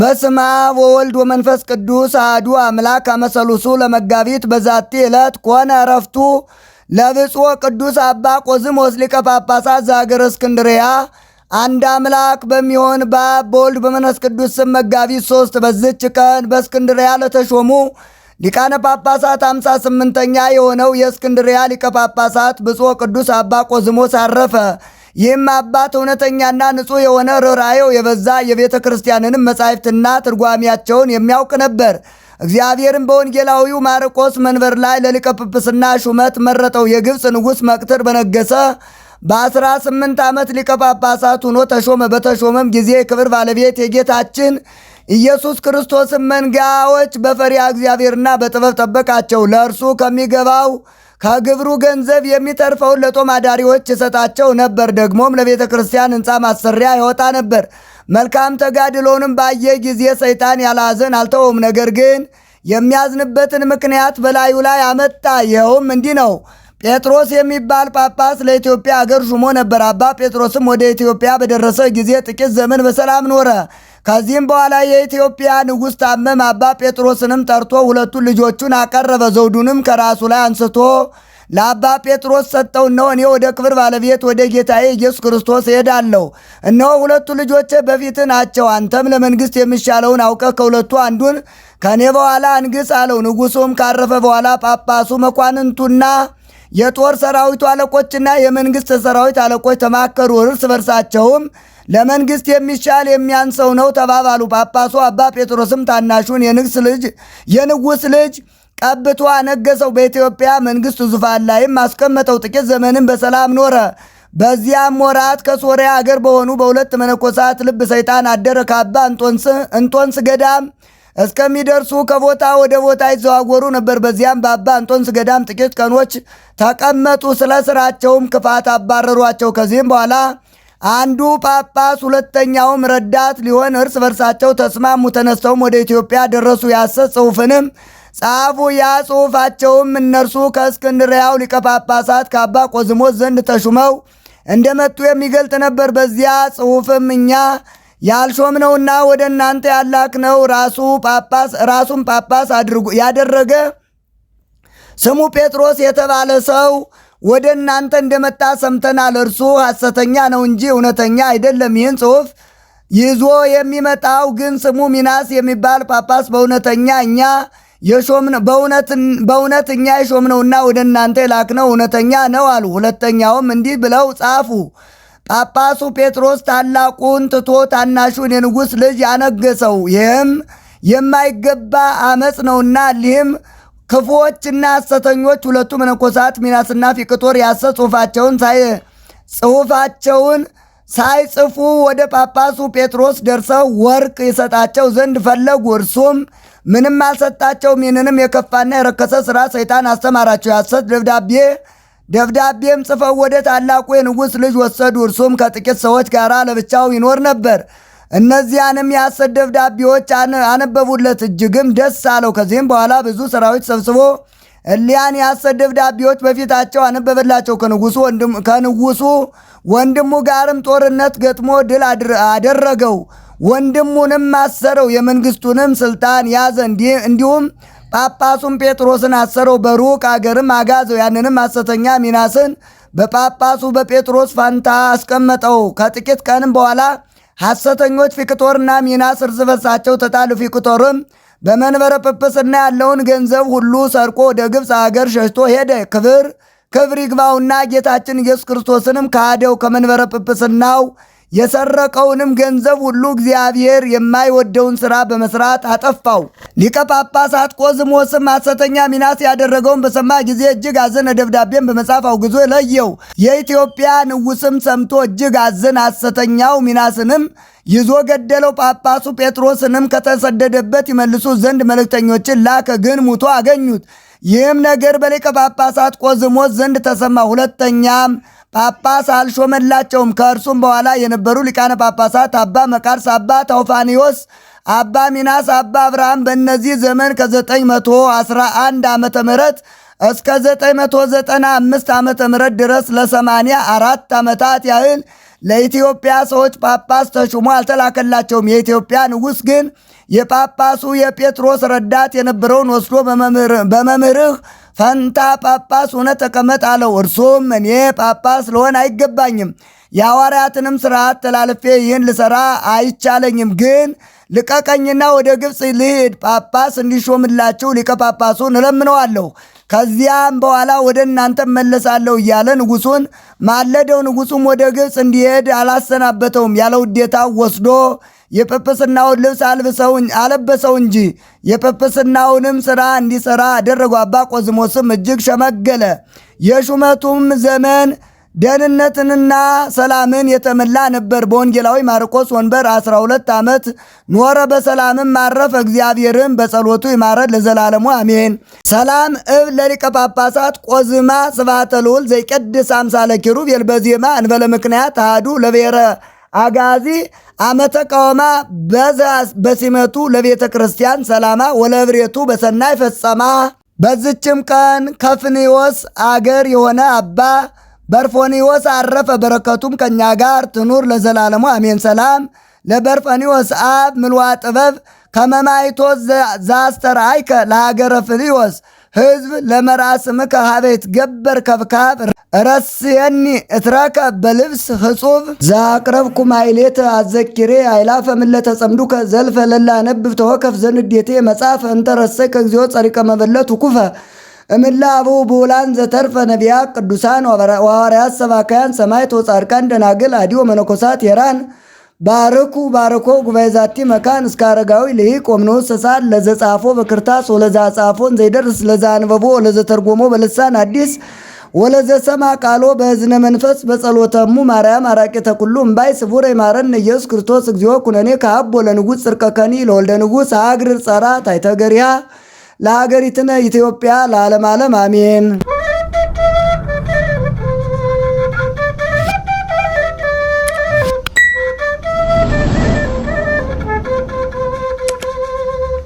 በስማ ወወልድ ወመንፈስ ቅዱስ አዱ አምላክ አመሰሉሱ ለመጋቢት በዛቲ ዕለት ኮነ እረፍቱ ለብፁዕ ቅዱስ አባ ቆዝሞስ ሊቀ ጳጳሳት ዘአገረ እስክንድርያ። አንድ አምላክ በሚሆን በአብ በወልድ በመንፈስ ቅዱስ ስም መጋቢት ሶስት በዝች ቀን በእስክንድርያ ለተሾሙ ሊቃነ ጳጳሳት ሃምሳ ስምንተኛ የሆነው የእስክንድርያ ሊቀ ጳጳሳት ብፁዕ ቅዱስ አባ ቆዝሞስ አረፈ። ይህም አባት እውነተኛና ንጹሕ የሆነ ርኅራዬው የበዛ የቤተ ክርስቲያንንም መጻሕፍትና ትርጓሚያቸውን የሚያውቅ ነበር። እግዚአብሔርም በወንጌላዊው ማርቆስ መንበር ላይ ለሊቀ ጵጵስና ሹመት መረጠው። የግብፅ ንጉሥ መቅትር በነገሰ በአስራ ስምንት ዓመት ሊቀ ጳጳሳት ሆኖ ተሾመ። በተሾመም ጊዜ የክብር ባለቤት የጌታችን ኢየሱስ ክርስቶስን መንጋዎች በፈሪያ እግዚአብሔርና በጥበብ ጠበቃቸው። ለእርሱ ከሚገባው ከግብሩ ገንዘብ የሚተርፈውን ለጦም አዳሪዎች ይሰጣቸው ነበር። ደግሞም ለቤተ ክርስቲያን ሕንፃ ማሰሪያ ያወጣ ነበር። መልካም ተጋድሎንም ባየ ጊዜ ሰይጣን ያላዘን አልተወም። ነገር ግን የሚያዝንበትን ምክንያት በላዩ ላይ አመጣ። ይኸውም እንዲህ ነው። ጴጥሮስ የሚባል ጳጳስ ለኢትዮጵያ አገር ሹሞ ነበር። አባ ጴጥሮስም ወደ ኢትዮጵያ በደረሰ ጊዜ ጥቂት ዘመን በሰላም ኖረ። ከዚህም በኋላ የኢትዮጵያ ንጉሥ ታመም። አባ ጴጥሮስንም ጠርቶ ሁለቱን ልጆቹን አቀረበ። ዘውዱንም ከራሱ ላይ አንስቶ ለአባ ጴጥሮስ ሰጠው። እነሆ እኔ ወደ ክብር ባለቤት ወደ ጌታዬ ኢየሱስ ክርስቶስ እሄዳለሁ። እነሆ ሁለቱ ልጆች በፊት ናቸው። አንተም ለመንግሥት የሚሻለውን አውቀህ ከሁለቱ አንዱን ከእኔ በኋላ አንግሥ አለው። ንጉሡም ካረፈ በኋላ ጳጳሱ መኳንንቱና የጦር ሰራዊቱ አለቆችና የመንግሥት ሰራዊት አለቆች ተማከሩ። እርስ በርሳቸውም ለመንግሥት የሚሻል የሚያንሰው ነው ተባባሉ። ጳጳሱ አባ ጴጥሮስም ታናሹን የንጉሥ ልጅ የንጉሥ ልጅ ቀብቶ አነገሰው። በኢትዮጵያ መንግሥት ዙፋን ላይም አስቀመጠው። ጥቂት ዘመንም በሰላም ኖረ። በዚያም ወራት ከሶሪያ አገር በሆኑ በሁለት መነኮሳት ልብ ሰይጣን አደረ። ከአባ እንጦንስ ገዳም እስከሚደርሱ ከቦታ ወደ ቦታ ይዘዋወሩ ነበር። በዚያም በአባ አንጦንስ ገዳም ጥቂት ቀኖች ተቀመጡ። ስለ ስራቸውም ክፋት አባረሯቸው። ከዚህም በኋላ አንዱ ጳጳስ ሁለተኛውም ረዳት ሊሆን እርስ በርሳቸው ተስማሙ። ተነስተውም ወደ ኢትዮጵያ ደረሱ። ያሰ ጽሑፍንም ጻፉ። ያ ጽሑፋቸውም እነርሱ ከእስክንድርያው ሊቀ ጳጳሳት ከአባ ቆዝሞት ዘንድ ተሹመው እንደመጡ የሚገልጥ ነበር። በዚያ ጽሑፍም እኛ ያልሾም ነውና ወደ እናንተ ያላክ ነው ራሱ ጳጳስ ራሱን ጳጳስ አድርጉ ያደረገ ስሙ ጴጥሮስ የተባለ ሰው ወደ እናንተ እንደመጣ ሰምተናል። እርሱ ሐሰተኛ ነው እንጂ እውነተኛ አይደለም። ይህን ጽሑፍ ይዞ የሚመጣው ግን ስሙ ሚናስ የሚባል ጳጳስ በእውነተኛ እኛ በእውነት እኛ የሾምነውና ወደ እናንተ የላክነው እውነተኛ ነው አሉ። ሁለተኛውም እንዲህ ብለው ጻፉ ጳጳሱ ጴጥሮስ ታላቁን ትቶ ታናሹን የንጉሥ ልጅ ያነገሰው ይህም የማይገባ አመፅ ነውና ሊህም ክፉዎችና ሐሰተኞች ሁለቱ መነኮሳት ሚናስና ፊቅጦር ያሰ ጽሑፋቸውን ሳይ ጽሑፋቸውን ሳይጽፉ ወደ ጳጳሱ ጴጥሮስ ደርሰው ወርቅ ይሰጣቸው ዘንድ ፈለጉ። እርሱም ምንም አልሰጣቸውም። ይህንንም የከፋና የረከሰ ሥራ ሰይጣን አስተማራቸው። ያሰት ደብዳቤ ደብዳቤም ጽፈው ወደ ታላቁ የንጉሥ ልጅ ወሰዱ። እርሱም ከጥቂት ሰዎች ጋር ለብቻው ይኖር ነበር። እነዚያንም የሐሰት ደብዳቤዎች አነበቡለት፣ እጅግም ደስ አለው። ከዚህም በኋላ ብዙ ሰራዊት ሰብስቦ እሊያን የሐሰት ደብዳቤዎች በፊታቸው አነበበላቸው። ከንጉሱ ወንድሙ ጋርም ጦርነት ገጥሞ ድል አደረገው። ወንድሙንም አሰረው፣ የመንግስቱንም ስልጣን ያዘ። እንዲሁም ጳጳሱም ጴጥሮስን አሰረው፣ በሩቅ አገርም አጋዘው። ያንንም ሐሰተኛ ሚናስን በጳጳሱ በጴጥሮስ ፋንታ አስቀመጠው። ከጥቂት ቀንም በኋላ ሐሰተኞች ፊቅጦርና ሚናስ እርስ በርሳቸው ተጣሉ። ፊቅጦርም በመንበረ ጵጵስና ያለውን ገንዘብ ሁሉ ሰርቆ ወደ ግብፅ አገር ሸሽቶ ሄደ። ክብር ክብር ይግባውና ጌታችን ኢየሱስ ክርስቶስንም ካደው ከመንበረ ጵጵስናው የሰረቀውንም ገንዘብ ሁሉ እግዚአብሔር የማይወደውን ሥራ በመስራት አጠፋው። ሊቀ ጳጳስ አጥቆዝሞስም ሐሰተኛ ሚናስ ያደረገውን በሰማ ጊዜ እጅግ አዘነ። ደብዳቤን በመጻፍ አውግዞ ለየው። የኢትዮጵያ ንጉሥም ሰምቶ እጅግ አዘን ሐሰተኛው ሚናስንም ይዞ ገደለው። ጳጳሱ ጴጥሮስንም ከተሰደደበት ይመልሱ ዘንድ መልእክተኞችን ላከ፣ ግን ሙቶ አገኙት። ይህም ነገር በሊቀ ጳጳሳት ቆስሞስ ዘንድ ተሰማ። ሁለተኛም ጳጳስ አልሾመላቸውም። ከእርሱም በኋላ የነበሩ ሊቃነ ጳጳሳት አባ መቃርስ፣ አባ ታውፋኒዎስ፣ አባ ሚናስ፣ አባ አብርሃም በእነዚህ ዘመን ከ911 ዓመተ ምህረት እስከ 995 ዓመተ ምህረት ድረስ ለ አራት ዓመታት ያህል ለኢትዮጵያ ሰዎች ጳጳስ ተሹሞ አልተላከላቸውም። የኢትዮጵያ ንጉሥ ግን የጳጳሱ የጴጥሮስ ረዳት የነበረውን ወስዶ በመምህርህ ፈንታ ጳጳስ ሆነ ተቀመጥ አለው። እርሱም እኔ ጳጳስ ልሆን አይገባኝም፣ የሐዋርያትንም ሥርዓት ተላልፌ ይህን ልሠራ አይቻለኝም ግን ልቀቀኝና ወደ ግብፅ ልሄድ ጳጳስ እንዲሾምላችሁ ሊቀ ጳጳሱን እለምነዋለሁ፣ ከዚያም በኋላ ወደ እናንተ መለሳለሁ እያለ ንጉሱን ማለደው። ንጉሱም ወደ ግብፅ እንዲሄድ አላሰናበተውም፣ ያለ ውዴታ ወስዶ የጵጵስናውን ልብስ አለበሰው እንጂ የጵጵስናውንም ሥራ እንዲሠራ አደረገው። አባ ቆዝሞስም እጅግ ሸመገለ። የሹመቱም ዘመን ደህንነትንና ሰላምን የተመላ ነበር። በወንጌላዊ ማርቆስ ወንበር 12 ዓመት ኖረ፣ በሰላምም ማረፍ እግዚአብሔርም በጸሎቱ ይማረድ ለዘላለሙ አሜን። ሰላም እብ ለሊቀ ጳጳሳት ቆዝማ ስብሐተ ልዑል ዘይቀድስ አምሳለ ኪሩቤል በዜማ እንበለ ምክንያት አሐዱ ለብሔረ አጋዚ አመተ ቀወማ በሲመቱ ለቤተ ክርስቲያን ሰላማ ወለብሬቱ በሰናይ ፈጸማ። በዝችም ቀን ከፍኒዎስ አገር የሆነ አባ በርፎኒዎስ አረፈ፣ በረከቱም ከእኛ ጋር ትኑር ለዘላለሙ አሜን። ሰላም ለበርፈኒዎስ አብ ምልዋ ጥበብ ከመማይቶስ ዛስተርአይከ ለሀገረ ፍልዮስ ህዝብ ለመራስምከ ሀበ ይትገበር ከብካብ ረስየኒ እትረከ በልብስ ህጹብ ዘአቅረብኩ ማይሌተ አዘኪሬ አይላፈ ምለተ ጸምዱከ ዘልፈ ለላ ነብብ ተወከፍ ዘንዴቴ መጻፍ እንተረሰይከ እግዚኦ ጸሪቀ መበለት ኩፈ እምላ አበው ብሁላን ዘተርፈ ነቢያ ቅዱሳን ዋርያት ሰባካያን ሰማዕት ወጻድቃን ደናግል አዲዮ መነኮሳት የራን ባርኩ ባርኮ ጉባኤ ዛቲ መካን እስከ አረጋዊ ቆምኖ ሰሳን ለዘ ጻፎ በክርታስ ወለዛ ጻፎን ዘይደርስ ለዛ አንበቦ ወለዘ ተርጎሞ በልሳን አዲስ ወለዘ ሰማ ቃሎ በእዝነ መንፈስ በጸሎተሙ ማርያም አራቄተ ተኩሉ እምባይ ስቡረ ይማረን ኢየሱስ ክርስቶስ እግዚኦ ኩነኔ ከአብ ወለንጉሥ ጽርቀከኒ ለወልደ ንጉሥ አግር ጸራ ታይተገሪያ ለሀገሪትነ ኢትዮጵያ ለዓለም ዓለም አሜን።